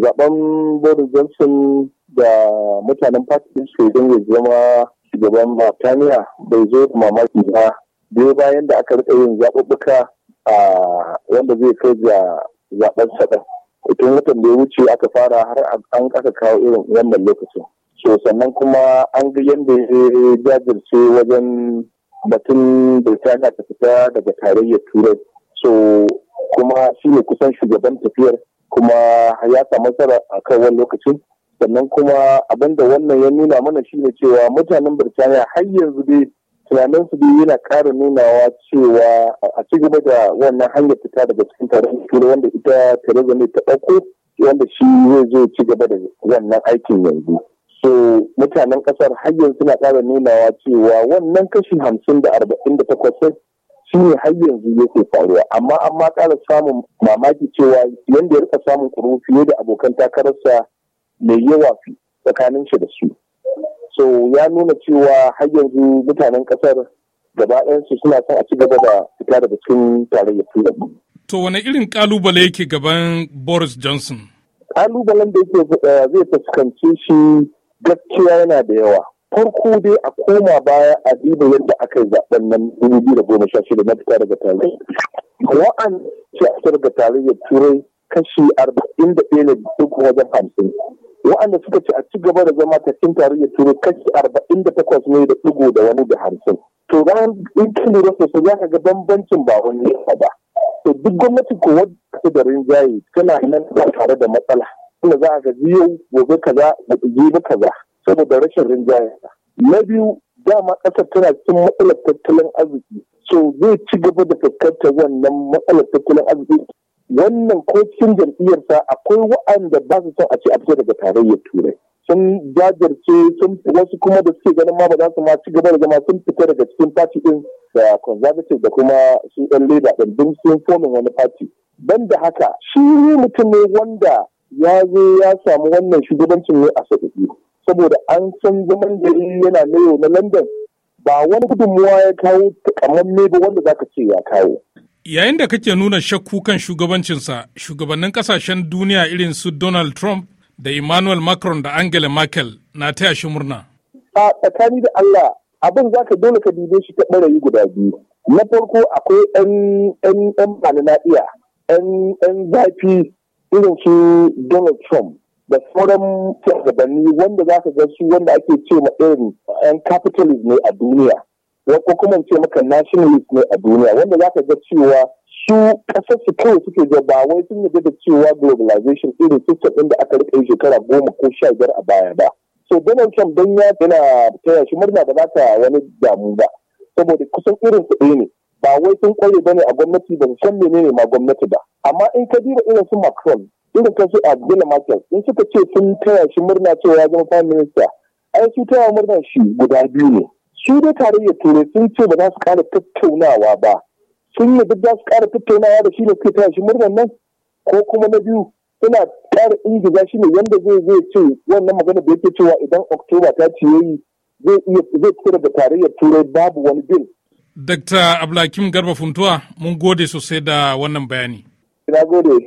zaben Boris Johnson da mutanen Fati su don ya zama shugaban Birtaniya bai zo da mamaki ba biyo bayan da aka rika yin zaɓuɓɓuka a wanda zai kai ga zaben saɗa. Tun watan da ya wuce aka fara har an aka kawo irin wannan lokacin. So sannan kuma an ga yadda ya jajirce wajen batun Birtaniya ta fita daga tarayyar Turai. So kuma shi ne kusan shugaban tafiyar kuma ya samu nasara a kan wani lokacin sannan kuma abinda wannan ya nuna mana shine cewa mutanen birtaniya har yanzu dai tunanin su dai yana ƙara nunawa cewa a ci gaba da wannan hanyar fita daga cikin taron turai wanda ita theresa ne ta ɗauko wanda shi zai zo ci gaba da wannan aikin yanzu so mutanen ƙasar har yanzu suna ƙara nunawa cewa wannan kashi hamsin da arba'in da takwas shi ne har yanzu yake faruwa amma an ma kara samun mamaki cewa yadda ya rika samun kuru fiye da abokan takararsa mai yawa tsakanin shi da su so ya nuna cewa har yanzu mutanen ƙasar gaba suna son a ci gaba da fita daga cikin tarayyar turai to wani irin kalubale yake gaban boris johnson kalubalen da yake eh, zai fuskanci shi gaskiya yana da yawa farko dai a koma baya a duba yadda aka yi zaben nan dubu biyu da goma sha shida na fitar daga tarayya wa'an ce a daga ya turai kashi arba'in da ɗaya duk wajen hamsin wa'anda suka ce a ci gaba da zama cikin ya turai kashi arba'in da takwas ne da ɗigo da wani da hamsin to bayan in kin lura sosai za ka ga bambancin ba wani ba to duk gwamnati ko wadda da rinjaye tana nan tare da matsala Kuma za a ga yau gobe kaza gobe kaza saboda rashin rinjaye na biyu dama ƙasar tana cikin matsalar tattalin arziki so zai ci gaba da fuskantar wannan matsalar tattalin arziki wannan ko cikin jam'iyyarsa akwai wa'anda ba su son a ce a fita daga tarayyar turai sun jajirce sun wasu kuma da suke ganin ma ba za su ma ci gaba da zama sun fita daga cikin fati ɗin da conservative da kuma su ɗan leda ɗin don sun fomin wani fati ban da haka shi mutum ne wanda ya zo ya samu wannan shugabancin ne a sadaki saboda an san zaman gari yana na yau na london ba wani gudunmuwa ya kawo takamamme ba wanda za ka ce ya kawo yayin da kake nuna shakku kan shugabancinsa shugabannin kasashen duniya irin su donald trump da emmanuel macron da angela merkel na taya shi murna a tsakani da allah abin za ka dole ka dube shi ta ɓarayi guda biyu na farko akwai yan yan iya yan zafi irin su donald trump da sauran shugabanni wanda za ka ga su wanda ake ce ma irin yan capitalist ne a duniya ko kuma ce maka nationalist ne a duniya wanda za ka ga cewa su kasar su kawai suke da ba wai sun yarda da cewa globalization irin system ɗin da aka rika shekara goma ko sha biyar a baya ba so Donald Trump don ya yana taya shi murna da ba ta wani damu ba saboda kusan irin kuɗi ne ba wai sun kware ne a gwamnati ba san menene ma gwamnati ba amma in ka duba irin su Macron irin a abdullah markel in suka ce sun taya shi murna cewa ya zama prime minister ai su taya murna shi guda biyu ne su da tarayyar turai sun ce ba za su kara tattaunawa ba sun yi duk za su kara tattaunawa da shi ne suka taya shi murnar nan ko kuma na biyu suna kara ingiza shi ne yadda zai zai ce wannan magana da yake cewa idan oktoba ta ce yayi zai iya zai fita daga tarayyar turai babu wani bin. Dr. Abdulhakim Garba Funtuwa, mun gode sosai da wannan bayani. ina gode.